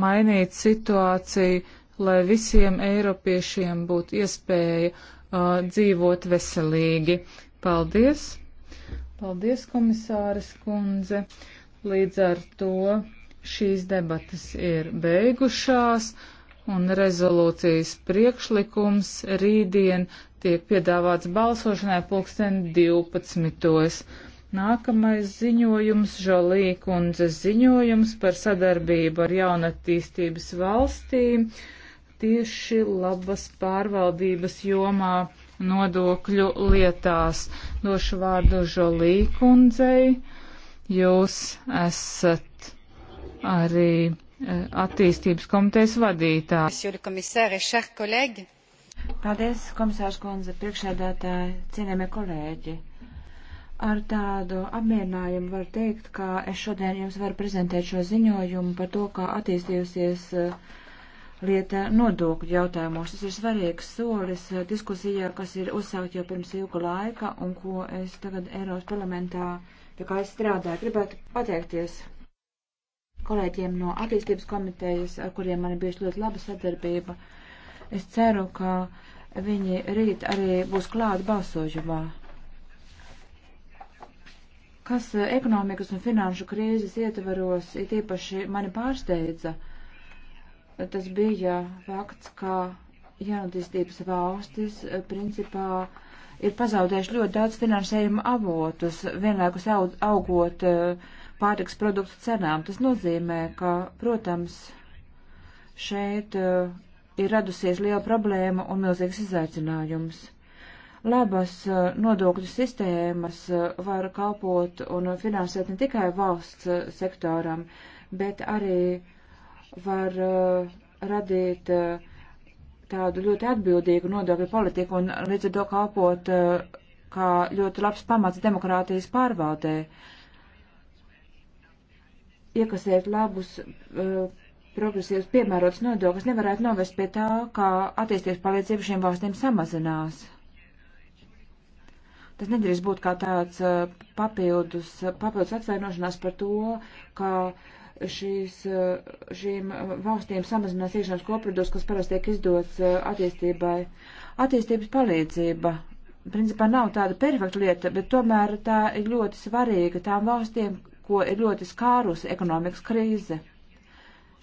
mainīt situāciju, lai visiem eiropiešiem būtu iespēja uh, dzīvot veselīgi. Paldies! Paldies, komisāres kundze! Līdz ar to šīs debatas ir beigušās un rezolūcijas priekšlikums rītdien tiek piedāvāts balsošanai pulksten 12. Nākamais ziņojums, Žalī kundzes ziņojums par sadarbību ar jaunatīstības valstīm tieši labas pārvaldības jomā nodokļu lietās. Došu vārdu Žalī kundzei. Jūs esat arī eh, attīstības komitejas vadītājs. Paldies, komisārs kundze, priekšēdētāji, cienījamie kolēģi. Ar tādu apmierinājumu var teikt, ka es šodien jums varu prezentēt šo ziņojumu par to, kā attīstījusies uh, lieta nodokļu jautājumos. Tas ir svarīgs solis uh, diskusijā, kas ir uzsākt jau pirms ilga laika un ko es tagad Eiropas parlamentā, pie kā es strādāju, gribētu pateikties kolēģiem no attīstības komitejas, ar kuriem man ir bijusi ļoti laba sadarbība. Es ceru, ka viņi rīt arī būs klāt balsojumā kas eh, ekonomikas un finanšu krīzes ietveros it īpaši mani pārsteidza, tas bija fakts, ka jaunatīstības valstis eh, principā ir pazaudējuši ļoti daudz finansējuma avotus, vienlaikus augot eh, pārtiks produktu cenām. Tas nozīmē, ka, protams, šeit ir radusies liela problēma un milzīgs izaicinājums labas uh, nodokļu sistēmas uh, var kalpot un finansēt ne tikai valsts uh, sektoram, bet arī var radīt tādu ļoti atbildīgu nodokļu politiku un līdz ar to kalpot kā ļoti labs pamats demokrātijas pārvaldē. Iekasēt labus progresīvas piemērotas nodokļas nevarētu novest pie tā, ka attīstības palīdzība šiem valstīm samazinās. Tas nedrīkst būt kā tāds papildus, papildus atvainošanās par to, ka šīs, šīm valstīm samazinās iekšzemes koprodus, kas parasti tiek izdots attīstībai. Attīstības palīdzība principā nav tāda perfekta lieta, bet tomēr tā ir ļoti svarīga tām valstīm, ko ir ļoti skārusi ekonomikas krīze.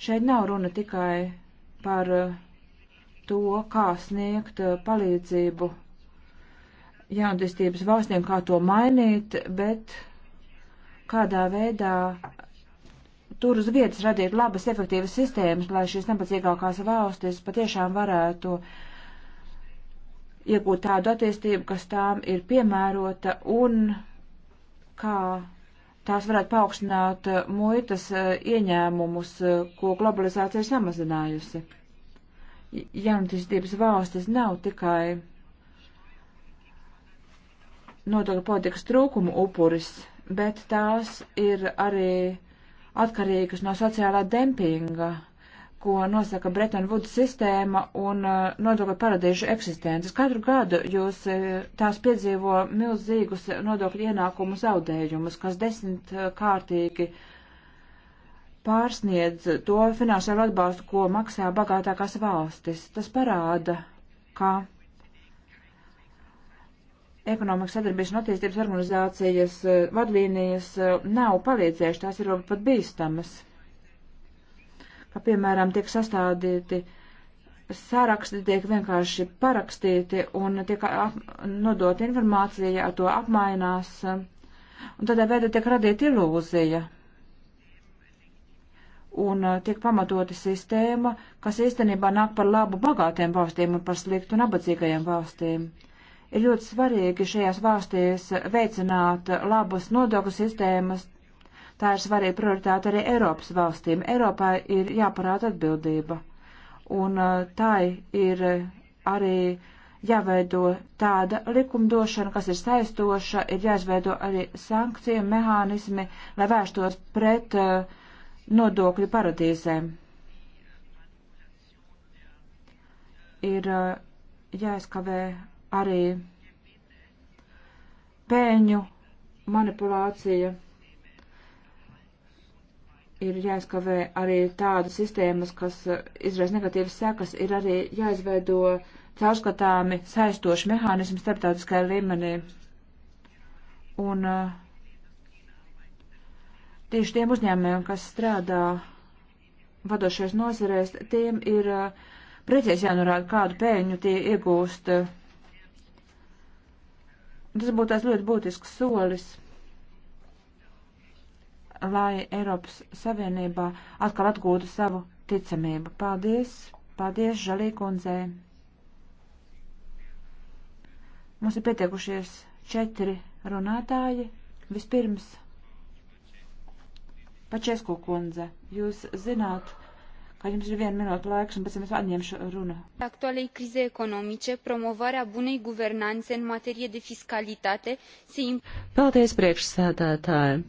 Šeit nav runa tikai par to, kā sniegt palīdzību jaundistības valstīm, kā to mainīt, bet kādā veidā tur uz vietas radīt labas, efektīvas sistēmas, lai šīs nebadzīgākās valstis patiešām varētu iegūt tādu attīstību, kas tām ir piemērota un kā tās varētu paaugstināt muitas eh, ieņēmumus, eh, ko globalizācija ir samazinājusi. Jaunatistības valstis nav tikai nodokļu politikas trūkumu upuris, bet tās ir arī atkarīgas no sociālā dempinga, ko nosaka Bretton Woods sistēma un uh, nodokļu paradīžu eksistences. Katru gadu jūs uh, tās piedzīvo milzīgus nodokļu ienākumu zaudējumus, kas desmit uh, kārtīgi pārsniedz to finansiālo atbalstu, ko maksā bagātākās valstis. Tas parāda, ka ekonomikas sadarbības un attīstības organizācijas eh, vadlīnijas eh, nav palīdzējušas, tās ir pat bīstamas. Kā piemēram, tiek sastādīti saraksti, tiek vienkārši parakstīti un tiek nodot informācija, ar to apmainās. Un tādā veidā tiek radīta ilūzija un eh, tiek pamatota sistēma, kas īstenībā nāk par labu bagātiem valstīm un par sliktu nabadzīgajiem valstīm. Ir ļoti svarīgi šajās valstīs veicināt labas nodokļu sistēmas. Tā ir svarīga prioritāte arī Eiropas valstīm. Eiropā ir jāparāda atbildība. Un uh, tai ir arī jāveido tāda likumdošana, kas ir saistoša, ir jāizveido arī sankcija mehānismi, lai vērstos pret uh, nodokļu paradīzēm. Ir uh, jāizkavē arī pēņu manipulācija ir jāizkavē arī tādas sistēmas, kas izraisa negatīvas sekas, ir arī jāizveido caurskatāmi saistoši mehānismi starptautiskajā līmenī. Un uh, tieši tiem uzņēmējiem, kas strādā vadošais nozarēs, tiem ir uh, precīzi jānorāda, kādu pēļņu tie iegūst uh, Tas būtu tās ļoti būtisks solis, lai Eiropas Savienībā atkal atgūtu savu ticamību. Paldies! Paldies, Žalī kundzē! Mums ir pietiekušies četri runātāji. Vispirms, Pačesku kundze, jūs zināt, Ca jums ir viena minūte laiks, un pēc tam es atņemšu runu. Actualei crize economice, promovarea bunei guvernanțe în materie de fiscalitate se imp... Paldies priekšsēdētāji!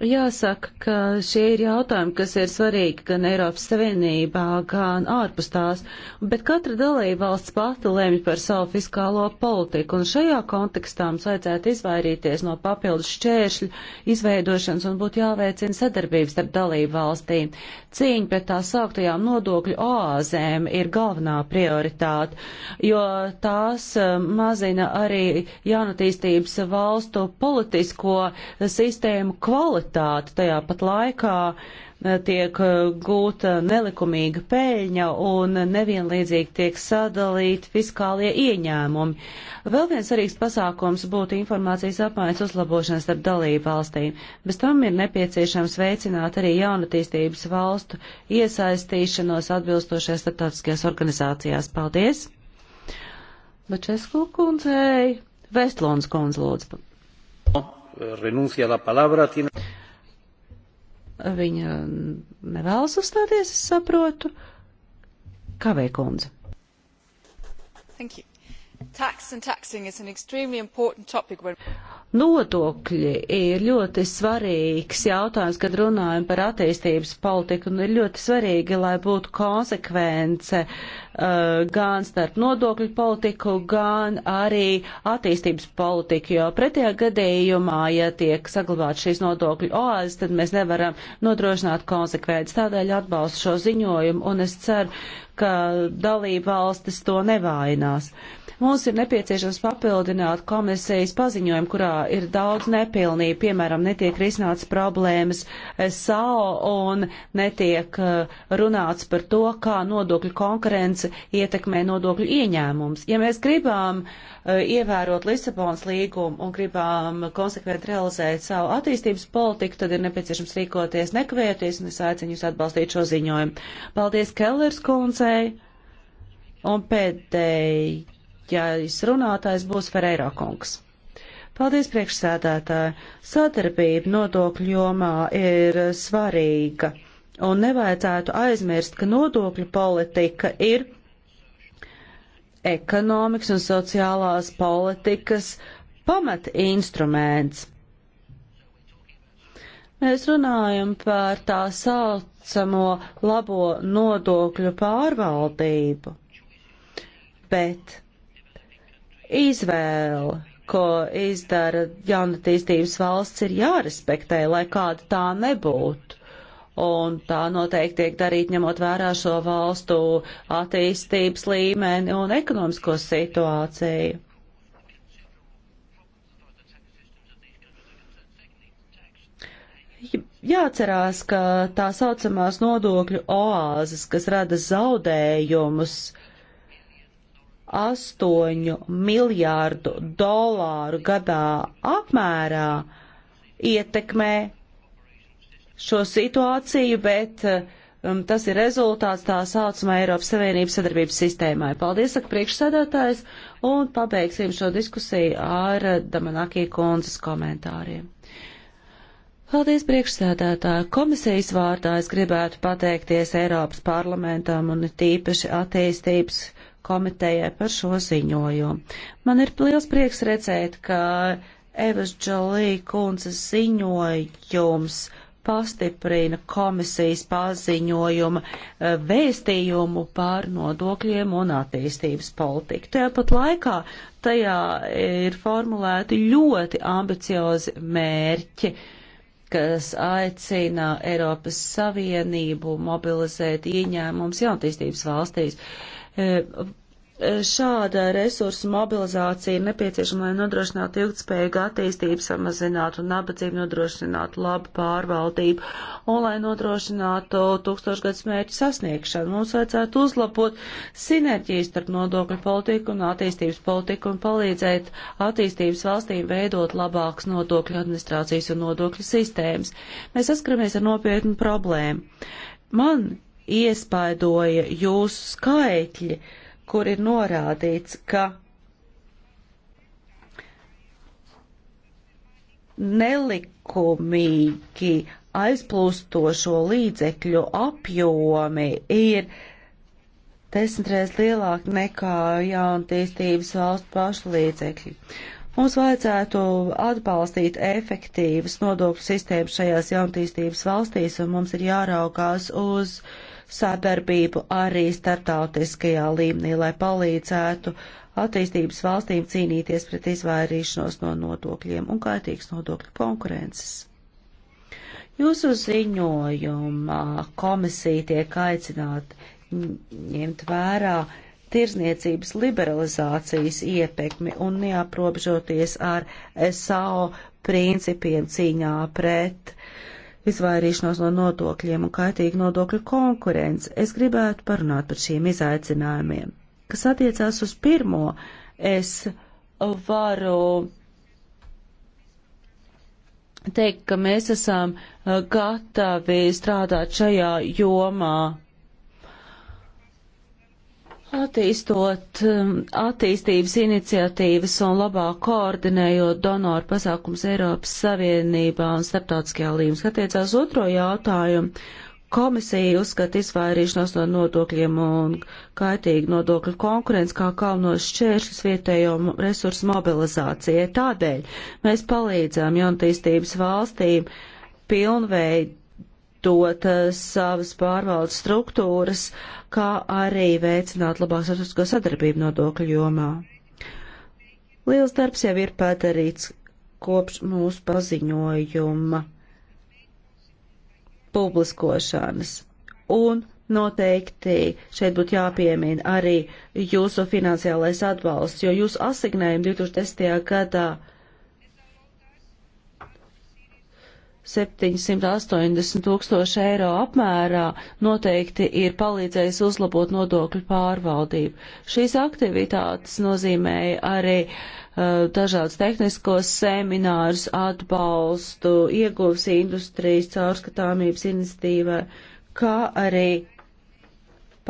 Jāsaka, ka šie ir jautājumi, kas ir svarīgi gan Eiropas Savienībā, gan ārpus tās, bet katra dalībvalsts pati lemj par savu fiskālo politiku, un šajā kontekstā mums vajadzētu izvairīties no papildus šķēršļu izveidošanas un būtu jāveicina sadarbības starp dalībvalstīm. Cīņa pret tā sauktajām nodokļu oāzēm ir galvenā prioritāte, jo tās eh, mazina arī jaunatīstības valstu politisko sistēmu kvalitāti kvalitāti. Tajā pat laikā eh, tiek eh, gūta nelikumīga peļņa un nevienlīdzīgi tiek sadalīti fiskālie ieņēmumi. Vēl viens svarīgs pasākums būtu informācijas apmaiņas uzlabošanas starp dalību valstīm. Bez tam ir nepieciešams veicināt arī jaunatīstības valstu iesaistīšanos atbilstošajās starptautiskajās organizācijās. Paldies! Bačesku kundzei, Vestlons kundz lūdzu. Renuncia la palabra tiene. Viņa nevēlas uzstāties, es saprotu. Kavē kundze. Thank you. Tax and taxing is an extremely important topic when... Nodokļi ir ļoti svarīgs jautājums, kad runājam par attīstības politiku, un ir ļoti svarīgi, lai būtu konsekvence uh, gan starp nodokļu politiku, gan arī attīstības politiku, jo pretējā gadījumā, ja tiek saglabāt šīs nodokļu oāzes, tad mēs nevaram nodrošināt konsekvenci. Tādēļ atbalstu šo ziņojumu, un es ceru, ka dalība valstis to nevainās. Uh, Mums ir nepieciešams papildināt komisijas paziņojumu, kurā ir daudz nepilnību, piemēram, netiek risināts problēmas eh, SAO un netiek eh, runāts par to, kā nodokļu konkurence ietekmē nodokļu ieņēmums. Ja mēs gribam eh, ievērot Lisabonas līgumu un gribam konsekventi realizēt savu attīstības politiku, tad ir nepieciešams rīkoties nekavējoties, un es aicinu jūs atbalstīt šo ziņojumu. Paldies Kellers kundzei! Un pēdējais Nākamais runātājs būs Ferreira kungs. Paldies, priekšsēdētāji! Sadarbība nodokļu jomā ir svarīga, un nevajadzētu aizmirst, ka nodokļu politika ir ekonomikas un sociālās politikas pamata instruments. Mēs runājam par tā saucamo labo nodokļu pārvaldību, bet izvēle, ko izdara jaunatīstības valsts, ir jārespektē, lai kāda tā nebūtu. Un tā noteikti tiek darīt ņemot vērā šo valstu attīstības līmeni un ekonomisko situāciju. Jāatcerās, ka tā saucamās nodokļu oāzes, kas rada zaudējumus, uh, 8 miljārdu dolāru gadā apmērā ietekmē šo situāciju, bet um, tas ir rezultāts tā saucamā Eiropas Savienības sadarbības sistēmai. Paldies, saka priekšsēdētājs, un pabeigsim šo diskusiju ar Damanakī kundzes komentāriem. Paldies, priekšsēdētāji! Komisijas vārdā es gribētu pateikties Eiropas parlamentam un tīpaši attīstības komitejai par šo ziņojumu. Man ir liels prieks redzēt, ka Evas Džolī kundzes ziņojums pastiprina komisijas paziņojuma eh, vēstījumu par nodokļiem un attīstības politiku. Tāpat laikā tajā ir formulēti ļoti ambiciozi mērķi kas aicina Eiropas Savienību mobilizēt ieņēmums jaunatīstības valstīs. Eh, Šāda resursu mobilizācija ir nepieciešama, lai nodrošinātu ilgtspējīgu attīstību, samazinātu nabadzību, nodrošinātu labu pārvaldību un lai nodrošinātu tūkstošgadus mērķu sasniegšanu. Mums vajadzētu uzlabot sinerģijas starp nodokļu politiku un attīstības politiku un palīdzēt attīstības valstīm veidot labākas nodokļu administrācijas un nodokļu sistēmas. Mēs saskaramies ar nopietnu problēmu. Man iespaidoja jūsu skaitļi kur ir norādīts, ka nelikumīgi aizplūstošo līdzekļu apjomi ir desmitreiz lielāki nekā jaunatīstības valstu pašu līdzekļi. Mums vajadzētu atbalstīt efektīvas nodokļu sistēmas šajās jaunatīstības valstīs, un mums ir jāraugās uz uh, sadarbību arī startautiskajā līmenī, lai palīdzētu attīstības valstīm cīnīties pret izvairīšanos no nodokļiem un kaitīgas nodokļu konkurences. Jūsu ziņojumā komisija tiek aicināta ņemt vērā tirzniecības liberalizācijas iepekmi un neaprobežoties ar SAO principiem cīņā pret uh, izvairīšanos no nodokļiem un kaitīgu nodokļu konkurence, es gribētu parunāt par šiem izaicinājumiem. Kas attiecās uz pirmo, es varu teikt, ka mēs esam uh, gatavi strādāt šajā jomā Attīstot um, attīstības iniciatīvas un labāk koordinējot donoru pasākums Eiropas Savienībā un starptautiskajā līmenī, attiecās otro jautājumu. Komisija uzskata izvairīšanos no nodokļiem un kaitīgu nodokļu konkurence kā kalnos šķēršļus vietējo resursu mobilizācijai. Tādēļ mēs palīdzām jaunatīstības valstīm pilnveid, izglītot eh, savas pārvaldes struktūras, kā arī veicināt labāk starptautisko sadarbību nodokļu jomā. Liels darbs jau ir padarīts kopš mūsu paziņojuma publiskošanas. Un noteikti šeit būtu jāpiemina arī jūsu finansiālais atbalsts, jo jūsu asignējumi 2010. gadā 780 tūkstoši eiro apmērā noteikti ir palīdzējis uzlabot nodokļu pārvaldību. Šīs aktivitātes nozīmēja arī uh, dažādas tehniskos seminārus, atbalstu, ieguvs industrijas caurskatāmības iniciatīvai, kā arī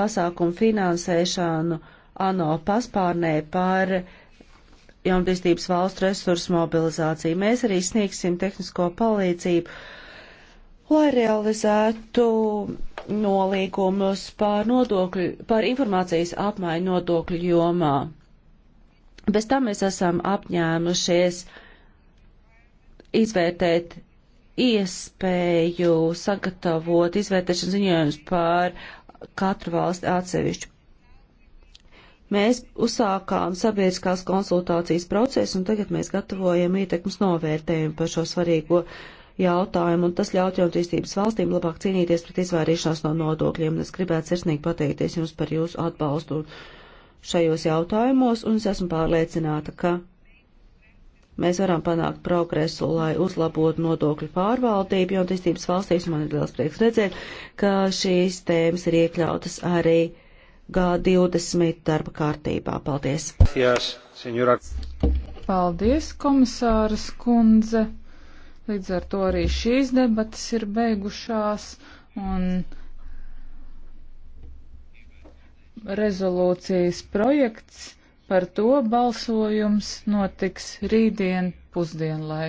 pasākumu finansēšanu ANO paspārnē par uh, jaunattīstības valstu resursu mobilizāciju. Mēs arī sniegsim tehnisko palīdzību, lai realizētu nolīgumus par, nodokļu, par informācijas apmaiņu nodokļu jomā. Bez tam mēs esam apņēmušies izvērtēt iespēju sagatavot izvērtēšanas ziņojumus par katru valsti atsevišķi. Mēs uzsākām sabiedriskās konsultācijas procesu, un tagad mēs gatavojam ietekmes novērtējumu par šo svarīgo jautājumu, un tas ļaut jaunatīstības valstīm labāk cīnīties pret izvairīšanās no nodokļiem. Es gribētu sirsnīgi pateikties jums par jūsu atbalstu šajos jautājumos, un es esmu pārliecināta, ka mēs varam panākt progresu, lai uzlabotu nodokļu pārvaldību, jo attīstības valstīs man ir liels prieks redzēt, ka šīs tēmas ir iekļautas arī G20 darba kārtībā. Paldies! Paldies, komisāras kundze! Līdz ar to arī šīs debatas ir beigušās un rezolūcijas projekts par to balsojums notiks rītdien pusdienlaik.